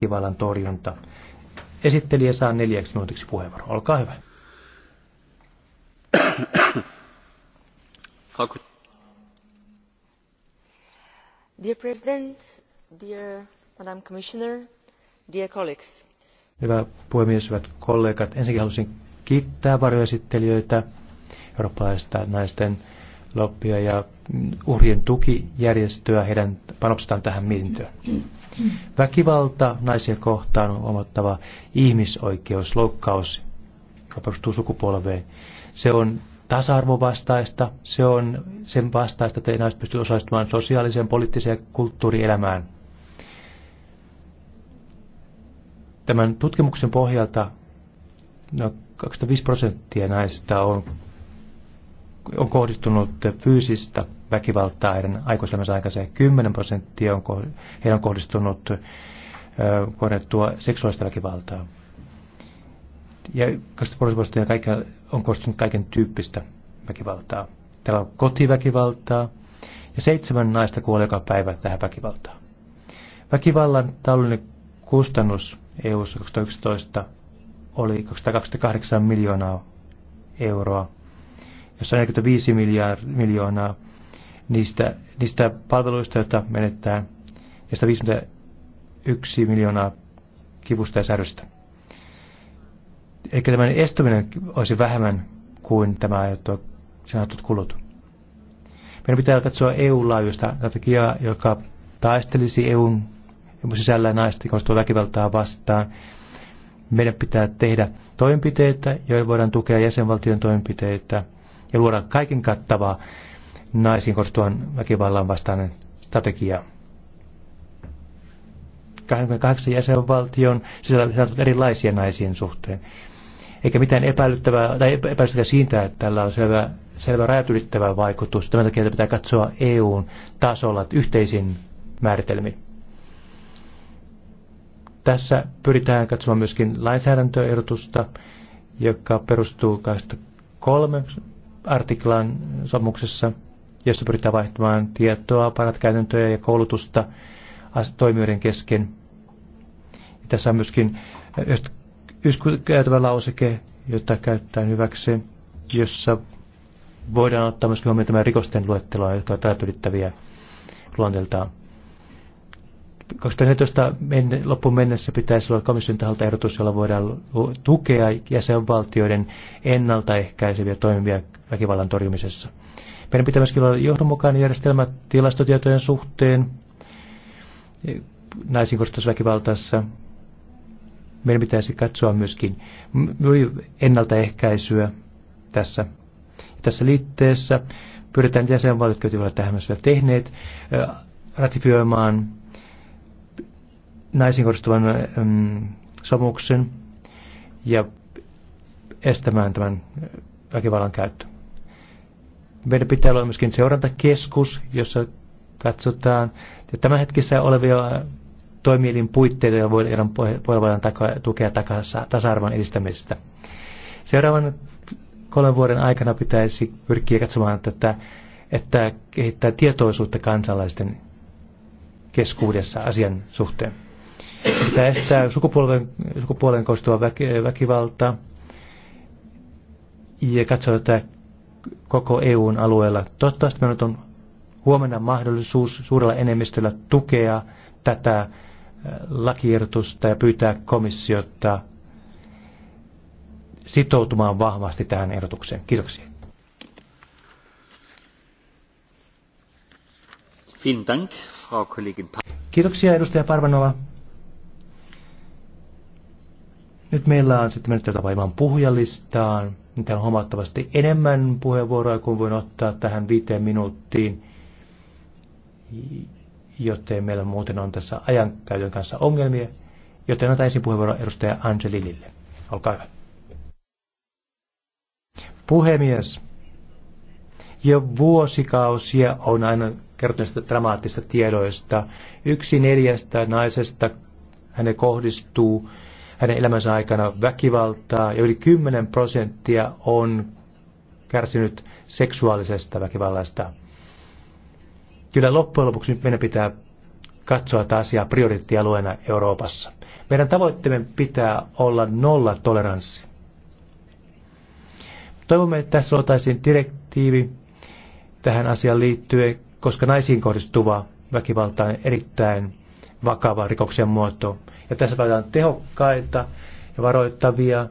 väkivallan torjunta. Esittelijä saa neljäksi minuutiksi puheenvuoro. Olkaa hyvä. dear President, dear Madam Commissioner, dear colleagues. Hyvä puhemies, hyvät kollegat. Ensinnäkin haluaisin kiittää varjoesittelijöitä, eurooppalaista naisten loppia ja uhrien tukijärjestöä heidän panoksestaan tähän mietintöön. Väkivalta naisia kohtaan on omattava ihmisoikeusloukkaus, joka perustuu sukupolveen. Se on tasa-arvovastaista, se on sen vastaista, että ei naiset pysty osallistumaan sosiaaliseen, poliittiseen ja kulttuurielämään. Tämän tutkimuksen pohjalta no, 25 prosenttia naisista on, on kohdistunut fyysistä väkivaltaa heidän aikuiselämänsä aikaisen 10 prosenttia on, heidän on kohdistunut kohdettua seksuaalista väkivaltaa. Ja 20 prosenttia on kohdistunut kaiken tyyppistä väkivaltaa. Täällä on kotiväkivaltaa ja seitsemän naista kuolee joka päivä tähän väkivaltaan. Väkivallan taloudellinen kustannus eu 2011 oli 228 miljoonaa euroa, jossa 45 miljoonaa niistä, niistä palveluista, joita menettää, ja 151 miljoonaa kivusta ja särystä. Eli tämän estyminen olisi vähemmän kuin tämä aiottua sanotut kulut. Meidän pitää katsoa EU-laajuista strategiaa, joka taistelisi EUn sisällä naisten kohdistuvaa väkivaltaa vastaan. Meidän pitää tehdä toimenpiteitä, joilla voidaan tukea jäsenvaltion toimenpiteitä ja luoda kaiken kattavaa naisiin kohdistuvan väkivallan vastainen strategia. 28 jäsenvaltion sisällä on erilaisia naisiin suhteen. Eikä mitään epäilyttävää tai epäilyttävää siitä, että tällä on selvä, selvä rajat ylittävä vaikutus. Tämän takia pitää katsoa EUn tasolla yhteisin määritelmi. Tässä pyritään katsomaan myöskin lainsäädäntöehdotusta, joka perustuu 23 artiklan sopimuksessa – jossa pyritään vaihtamaan tietoa, parat käytäntöjä ja koulutusta toimijoiden kesken. Ja tässä on myöskin käytävä lauseke, jota käyttää hyväksi, jossa voidaan ottaa myöskin huomioon tämä rikosten luetteloa, jotka ovat rajat ylittäviä luonteeltaan. 2014 menne, loppuun mennessä pitäisi olla komission taholta ehdotus, jolla voidaan tukea jäsenvaltioiden ennaltaehkäiseviä toimivia väkivallan torjumisessa. Meidän pitää myöskin olla johdonmukainen järjestelmä tilastotietojen suhteen e, naisiin kohdistuvassa väkivaltaisessa. Meidän pitäisi katsoa myöskin ennaltaehkäisyä tässä. Tässä liitteessä pyritään jäsenvaltiot, jotka ovat tähän mennessä tehneet, e, ratifioimaan naisiin kohdistuvan mm, sopimuksen ja estämään tämän e, väkivallan käyttö. Meidän pitää olla myöskin seurantakeskus, jossa katsotaan hetkessä olevia äh, toimielin puitteita, joilla voidaan, voidaan tukea tasa-arvon edistämistä. Seuraavan kolmen vuoden aikana pitäisi pyrkiä katsomaan tätä, että kehittää tietoisuutta kansalaisten keskuudessa asian suhteen. Pitää estää sukupuolen, sukupuolen koostuva väki, väkivalta ja katsoa että koko EUn alueella. Toivottavasti meillä on huomenna mahdollisuus suurella enemmistöllä tukea tätä äh, lakiehdotusta ja pyytää komissiota sitoutumaan vahvasti tähän ehdotukseen. Kiitoksia. Kiitoksia edustaja Parvanova. Nyt meillä on sitten mennyt tätä ilman puhujalistaan. Niin on huomattavasti enemmän puheenvuoroja kuin voin ottaa tähän viiteen minuuttiin. Joten meillä muuten on tässä ajankäytön kanssa ongelmia. Joten otan ensin puheenvuoro edustaja Angelilille. Olkaa hyvä. Puhemies. Jo vuosikausia on aina kertonut dramaattista tiedoista. Yksi neljästä naisesta hänen kohdistuu hänen elämänsä aikana väkivaltaa ja yli 10 prosenttia on kärsinyt seksuaalisesta väkivallasta. Kyllä loppujen lopuksi nyt meidän pitää katsoa tätä asiaa prioriittialueena Euroopassa. Meidän tavoitteemme pitää olla nolla toleranssi. Toivomme, että tässä oltaisiin direktiivi tähän asiaan liittyen, koska naisiin kohdistuva väkivalta on erittäin vakava rikoksen muoto. Ja tässä tarvitaan tehokkaita ja varoittavia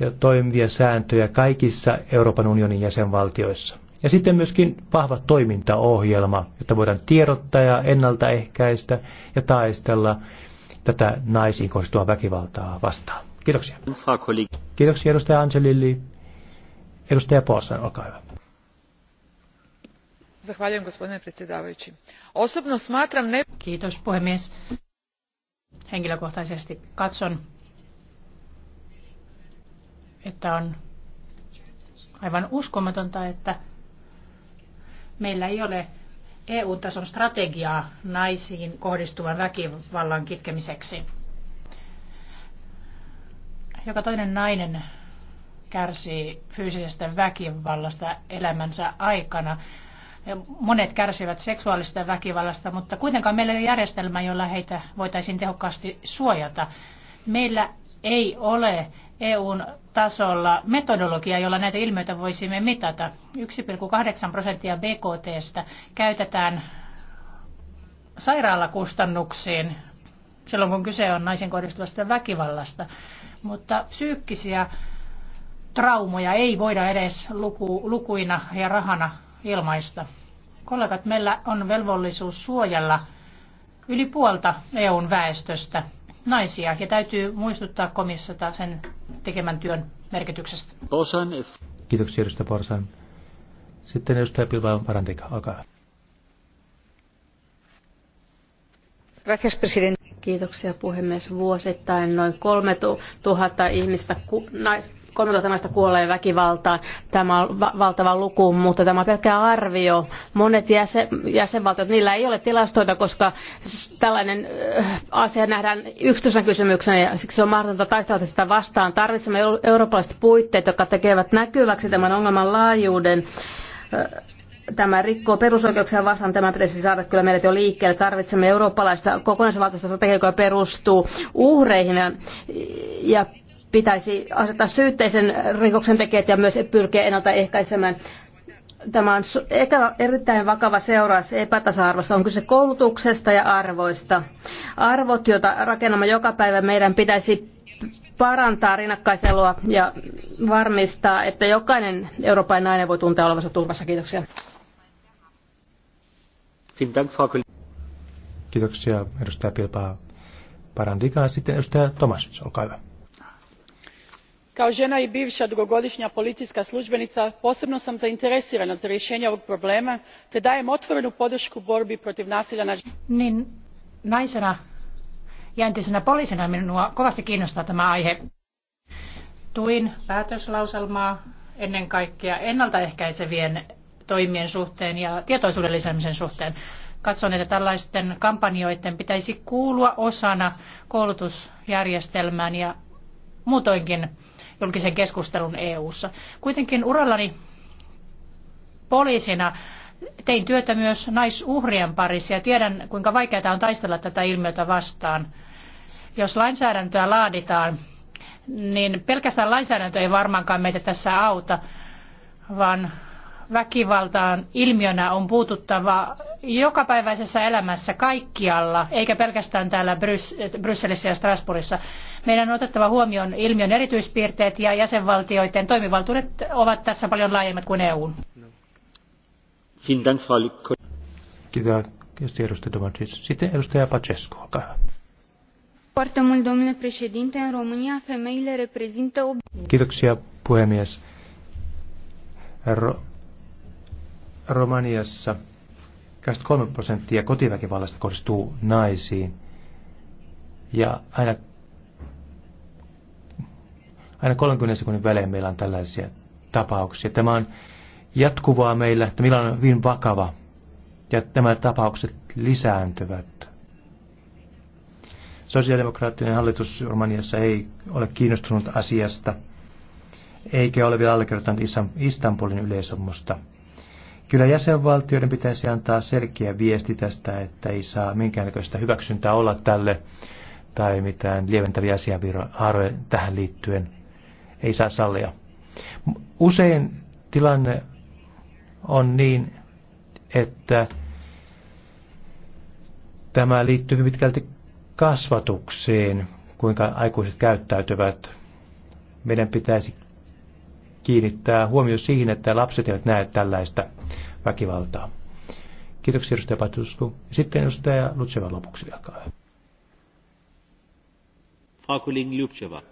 ja toimivia sääntöjä kaikissa Euroopan unionin jäsenvaltioissa. Ja sitten myöskin vahva toimintaohjelma, jotta voidaan tiedottaa ja ennaltaehkäistä ja taistella tätä naisiin kohdistuvaa väkivaltaa vastaan. Kiitoksia. Kiitoksia edustaja Angelilli. Edustaja Poosan, olkaa hyvä. Kiitos puhemies. Henkilökohtaisesti katson, että on aivan uskomatonta, että meillä ei ole EU-tason strategiaa naisiin kohdistuvan väkivallan kitkemiseksi. Joka toinen nainen kärsii fyysisestä väkivallasta elämänsä aikana. Monet kärsivät seksuaalista väkivallasta, mutta kuitenkaan meillä ei ole järjestelmää, jolla heitä voitaisiin tehokkaasti suojata. Meillä ei ole EUn tasolla metodologiaa, jolla näitä ilmiöitä voisimme mitata. 1,8 prosenttia BKTstä käytetään sairaalakustannuksiin silloin, kun kyse on naisen kohdistuvasta väkivallasta. Mutta psyykkisiä traumoja ei voida edes luku, lukuina ja rahana ilmaista. Kollegat, meillä on velvollisuus suojella yli puolta EUn väestöstä naisia ja täytyy muistuttaa komissiota sen tekemän työn merkityksestä. Kiitoksia edustaja Porsan. Sitten edustaja Pilvaon Parantika, alkaa. Kiitoksia puhemies. Vuosittain noin 3000 ihmistä, nais. 3000 naista kuolee väkivaltaan. Tämä on va- valtava luku, mutta tämä on pelkkä arvio. Monet jäsen, jäsenvaltiot, niillä ei ole tilastoita, koska tällainen äh, asia nähdään yksityisen kysymyksenä ja siksi on mahdotonta taistella sitä vastaan. Tarvitsemme eurooppalaiset puitteet, jotka tekevät näkyväksi tämän ongelman laajuuden äh, tämä rikkoo perusoikeuksia vastaan, tämä pitäisi saada kyllä meidät jo liikkeelle. Tarvitsemme eurooppalaista kokonaisvaltaista strategiaa, joka perustuu uhreihin ja, ja pitäisi asettaa syytteisen rikoksen tekijät ja myös pyrkiä ennaltaehkäisemään. Tämä on erittäin vakava seuraus epätasa-arvosta. On kyse koulutuksesta ja arvoista. Arvot, joita rakennamme joka päivä, meidän pitäisi parantaa rinnakkaiselua ja varmistaa, että jokainen eurooppalainen nainen voi tuntea olevansa turvassa. Kiitoksia. Kiitoksia edustaja Pilpaa Parandikaa. Sitten edustaja Tomas, olkaa hyvä kao ena i biva dugogodinja policijska slubenica posebno sam zainteresirana za rjeenje ovog problema te dajem otvorenu podrku borbi protiv nasilja nad enama. Niin, naisena ja entisenä poliisina minua kovasti kiinnostaa tämä aihe. Tuin päätöslauselmaa ennen kaikkea ennaltaehkäisevien toimien suhteen ja tietoisuuden lisäämisen suhteen. Katson, että tällaisten kampanjoiden pitäisi kuulua osana koulutusjärjestelmään ja muutoinkin julkisen keskustelun EU:ssa. Kuitenkin urallani poliisina tein työtä myös naisuhrien parissa ja tiedän, kuinka vaikeaa on taistella tätä ilmiötä vastaan. Jos lainsäädäntöä laaditaan, niin pelkästään lainsäädäntö ei varmaankaan meitä tässä auta, vaan väkivaltaan ilmiönä on puututtava jokapäiväisessä elämässä kaikkialla, eikä pelkästään täällä Brys- Brysselissä ja Strasbourgissa. Meidän on otettava huomioon ilmiön erityispiirteet ja jäsenvaltioiden toimivaltuudet ovat tässä paljon laajemmat kuin EUn. Kiitos, Sitten edustaja Pacescu, olkaa hyvä. Kiitoksia, puhemies. Romaniassa 23 prosenttia kotiväkivallasta kohdistuu naisiin. Ja aina, aina 30 sekunnin välein meillä on tällaisia tapauksia. Tämä on jatkuvaa meillä, että meillä on hyvin vakava. Ja nämä tapaukset lisääntyvät. Sosiaalidemokraattinen hallitus Romaniassa ei ole kiinnostunut asiasta, eikä ole vielä allekirjoittanut Istanbulin yleisomusta – Kyllä jäsenvaltioiden pitäisi antaa selkeä viesti tästä, että ei saa minkäännäköistä hyväksyntää olla tälle tai mitään lieventäviä asianhaaroja tähän liittyen. Ei saa sallia. Usein tilanne on niin, että tämä liittyy hyvin pitkälti kasvatukseen, kuinka aikuiset käyttäytyvät. Meidän pitäisi kiinnittää huomio siihen, että lapset eivät näe tällaista väkivaltaa. Kiitoksia edustaja Patusku. Sitten edustaja Lutseva lopuksi vielä. Hakuling Lutseva.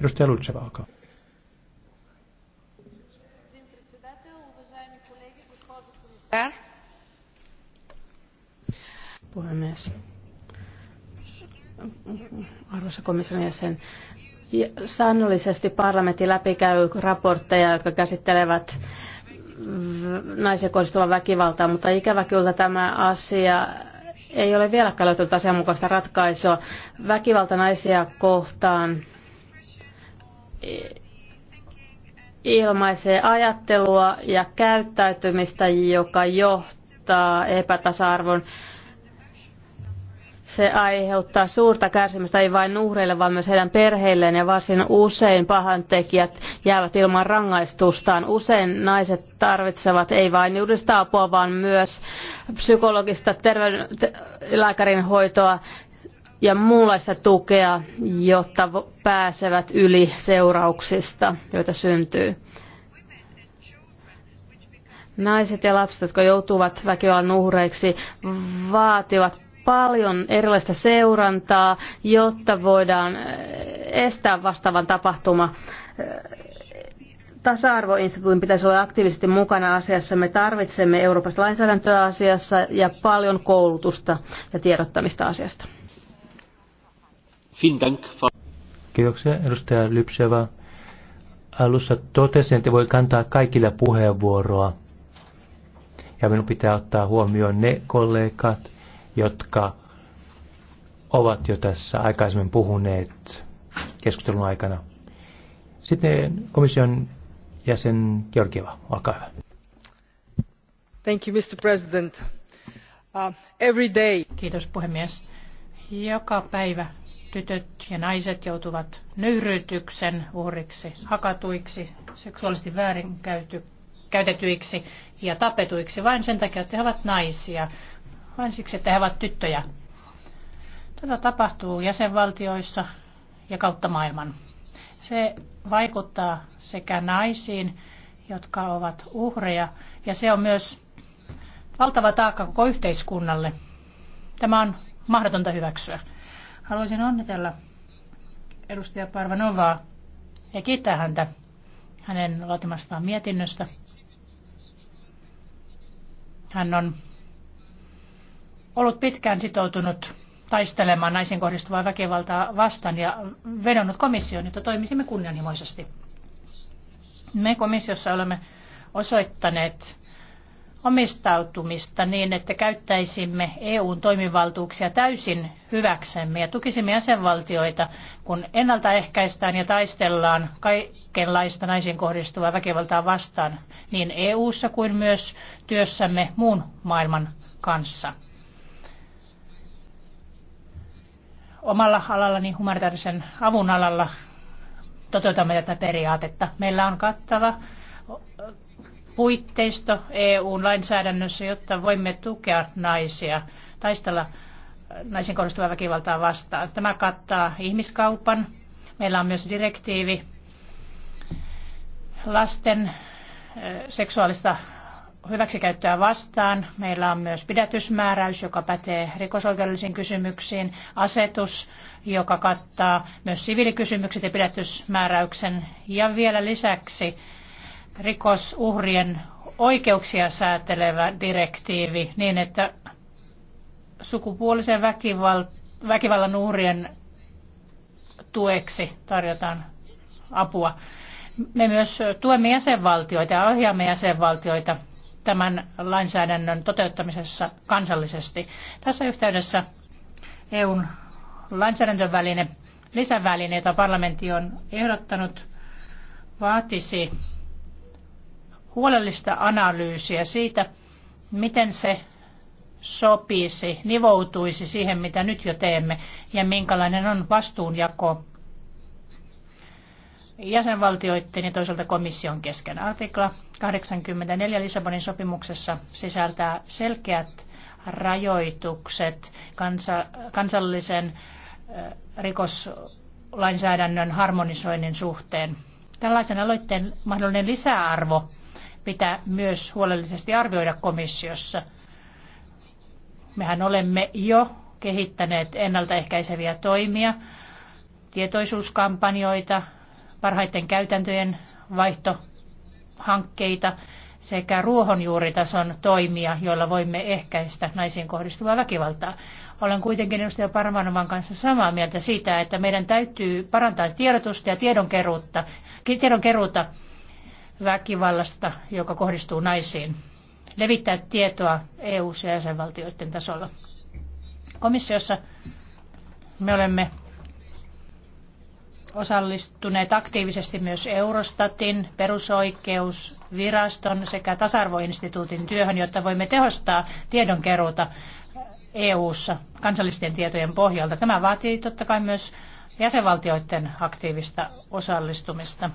Edustaja Lutseva, alkaa. Puhemies. Arvoisa komission jäsen, Säännöllisesti parlamentti läpikäy raportteja, jotka käsittelevät naisen kohdistuvaa väkivaltaa, mutta ikävä kyllä tämä asia ei ole vieläkään löytynyt asianmukaista ratkaisua. Väkivalta naisia kohtaan ilmaisee ajattelua ja käyttäytymistä, joka johtaa epätasa-arvon se aiheuttaa suurta kärsimystä ei vain uhreille, vaan myös heidän perheilleen ja varsin usein pahantekijät jäävät ilman rangaistustaan. Usein naiset tarvitsevat ei vain juridista apua, vaan myös psykologista terveyden, hoitoa ja muunlaista tukea, jotta pääsevät yli seurauksista, joita syntyy. Naiset ja lapset, jotka joutuvat väkivallan uhreiksi, vaativat paljon erilaista seurantaa, jotta voidaan äh, estää vastaavan tapahtuma. Äh, tasa-arvoinstituutin pitäisi olla aktiivisesti mukana asiassa. Me tarvitsemme Euroopassa lainsäädäntöä asiassa ja paljon koulutusta ja tiedottamista asiasta. Kiitoksia edustaja Lypsevä. Alussa totesin, että voi kantaa kaikille puheenvuoroa. Ja minun pitää ottaa huomioon ne kollegat, jotka ovat jo tässä aikaisemmin puhuneet keskustelun aikana. Sitten komission jäsen Georgieva, olkaa hyvä. Thank you, Mr. President. Uh, every day. Kiitos puhemies. Joka päivä tytöt ja naiset joutuvat nöyryytyksen uhriksi, hakatuiksi, seksuaalisesti väärinkäytetyiksi ja tapetuiksi vain sen takia, että he ovat naisia vain siksi, että he ovat tyttöjä. Tätä tapahtuu jäsenvaltioissa ja kautta maailman. Se vaikuttaa sekä naisiin, jotka ovat uhreja, ja se on myös valtava taakka koko yhteiskunnalle. Tämä on mahdotonta hyväksyä. Haluaisin onnitella edustaja Parvanovaa ja kiittää häntä hänen laatimastaan mietinnöstä. Hän on ollut pitkään sitoutunut taistelemaan naisiin kohdistuvaa väkivaltaa vastaan ja vedonnut komissioon, että toimisimme kunnianhimoisesti. Me komissiossa olemme osoittaneet omistautumista niin, että käyttäisimme EUn toimivaltuuksia täysin hyväksemme ja tukisimme jäsenvaltioita, kun ennaltaehkäistään ja taistellaan kaikenlaista naisiin kohdistuvaa väkivaltaa vastaan niin EUssa kuin myös työssämme muun maailman kanssa. omalla alallani, humanitaarisen avun alalla, toteutamme tätä periaatetta. Meillä on kattava puitteisto EU-lainsäädännössä, jotta voimme tukea naisia, taistella naisiin kohdistuvaa väkivaltaa vastaan. Tämä kattaa ihmiskaupan. Meillä on myös direktiivi lasten eh, seksuaalista hyväksikäyttöä vastaan. Meillä on myös pidätysmääräys, joka pätee rikosoikeudellisiin kysymyksiin, asetus, joka kattaa myös siviilikysymykset ja pidätysmääräyksen. Ja vielä lisäksi rikosuhrien oikeuksia säätelevä direktiivi niin, että sukupuolisen väkival- väkivallan uhrien tueksi tarjotaan apua. Me myös tuemme jäsenvaltioita ja ohjaamme jäsenvaltioita tämän lainsäädännön toteuttamisessa kansallisesti. Tässä yhteydessä EUn lainsäädäntöväline, lisäväline, jota parlamentti on ehdottanut, vaatisi huolellista analyysiä siitä, miten se sopisi, nivoutuisi siihen, mitä nyt jo teemme, ja minkälainen on vastuunjako jäsenvaltioiden ja toisaalta komission kesken. Artikla 84 Lissabonin sopimuksessa sisältää selkeät rajoitukset kansa, kansallisen rikoslainsäädännön harmonisoinnin suhteen. Tällaisen aloitteen mahdollinen lisäarvo pitää myös huolellisesti arvioida komissiossa. Mehän olemme jo kehittäneet ennaltaehkäiseviä toimia, tietoisuuskampanjoita, parhaiten käytäntöjen vaihtohankkeita sekä ruohonjuuritason toimia, joilla voimme ehkäistä naisiin kohdistuvaa väkivaltaa. Olen kuitenkin edustaja Parmanovan kanssa samaa mieltä siitä, että meidän täytyy parantaa tiedotusta ja tiedonkeruutta, tiedonkeruuta väkivallasta, joka kohdistuu naisiin. Levittää tietoa EU- ja jäsenvaltioiden tasolla. Komissiossa me olemme osallistuneet aktiivisesti myös Eurostatin, perusoikeusviraston sekä tasa-arvoinstituutin työhön, jotta voimme tehostaa tiedonkeruuta EU-ssa kansallisten tietojen pohjalta. Tämä vaatii totta kai myös jäsenvaltioiden aktiivista osallistumista.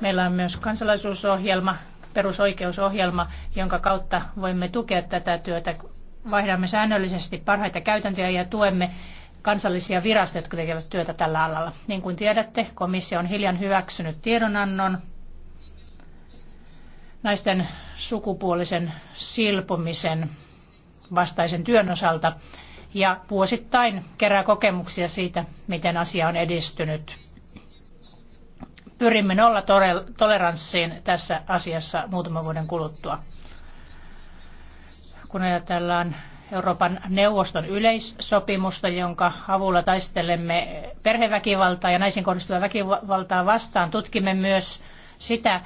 Meillä on myös kansalaisuusohjelma, perusoikeusohjelma, jonka kautta voimme tukea tätä työtä. Vaihdamme säännöllisesti parhaita käytäntöjä ja tuemme kansallisia virastoja, jotka tekevät työtä tällä alalla. Niin kuin tiedätte, komissio on hiljan hyväksynyt tiedonannon naisten sukupuolisen silpomisen vastaisen työn osalta ja vuosittain kerää kokemuksia siitä, miten asia on edistynyt. Pyrimme nolla toleranssiin tässä asiassa muutaman vuoden kuluttua. Kun ajatellaan Euroopan neuvoston yleissopimusta, jonka avulla taistelemme perheväkivaltaa ja naisiin kohdistuvaa väkivaltaa vastaan. Tutkimme myös sitä,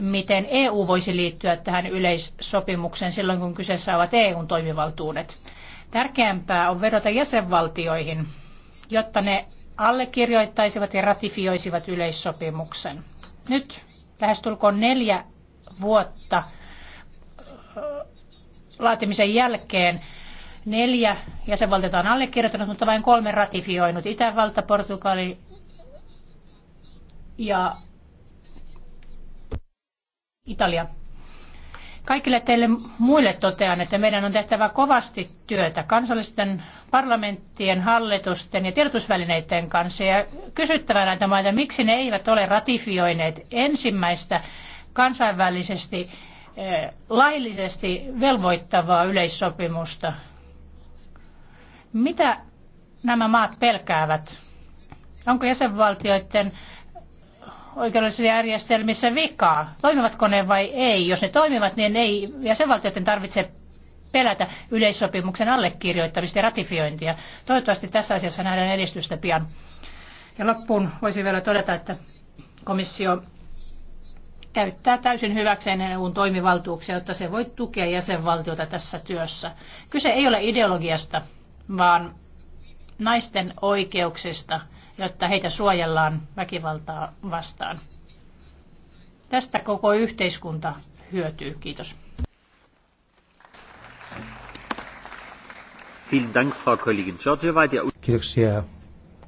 miten EU voisi liittyä tähän yleissopimukseen silloin, kun kyseessä ovat EUn toimivaltuudet. Tärkeämpää on vedota jäsenvaltioihin, jotta ne allekirjoittaisivat ja ratifioisivat yleissopimuksen. Nyt lähestulkoon neljä vuotta laatimisen jälkeen neljä jäsenvaltiota on allekirjoittanut, mutta vain kolme ratifioinut. Itävalta, Portugali ja Italia. Kaikille teille muille totean, että meidän on tehtävä kovasti työtä kansallisten parlamenttien, hallitusten ja tiedotusvälineiden kanssa ja kysyttävä näitä maita, miksi ne eivät ole ratifioineet ensimmäistä kansainvälisesti Eh, laillisesti velvoittavaa yleissopimusta. Mitä nämä maat pelkäävät? Onko jäsenvaltioiden oikeudellisissa järjestelmissä vikaa? Toimivatko ne vai ei? Jos ne toimivat, niin ei jäsenvaltioiden tarvitse pelätä yleissopimuksen allekirjoittamista ja ratifiointia. Toivottavasti tässä asiassa nähdään edistystä pian. Ja loppuun voisi vielä todeta, että komissio käyttää täysin hyväkseen EUn toimivaltuuksia, jotta se voi tukea jäsenvaltiota tässä työssä. Kyse ei ole ideologiasta, vaan naisten oikeuksista, jotta heitä suojellaan väkivaltaa vastaan. Tästä koko yhteiskunta hyötyy. Kiitos. Kiitoksia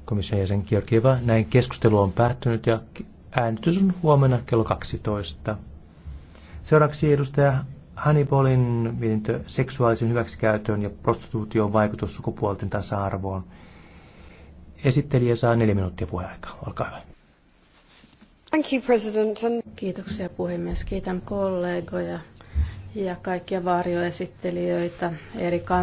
komission jäsen Georgieva. Näin keskustelu on päättynyt ja Äänestys on huomenna kello 12. Seuraavaksi edustaja Hannibalin mietintö seksuaalisen hyväksikäytön ja prostituution vaikutus sukupuolten tasa-arvoon. Esittelijä saa neljä minuuttia puheaikaa. Olkaa hyvä. Thank you, President. Kiitoksia puhemies. Kiitän kollegoja ja kaikkia varjoesittelijöitä eri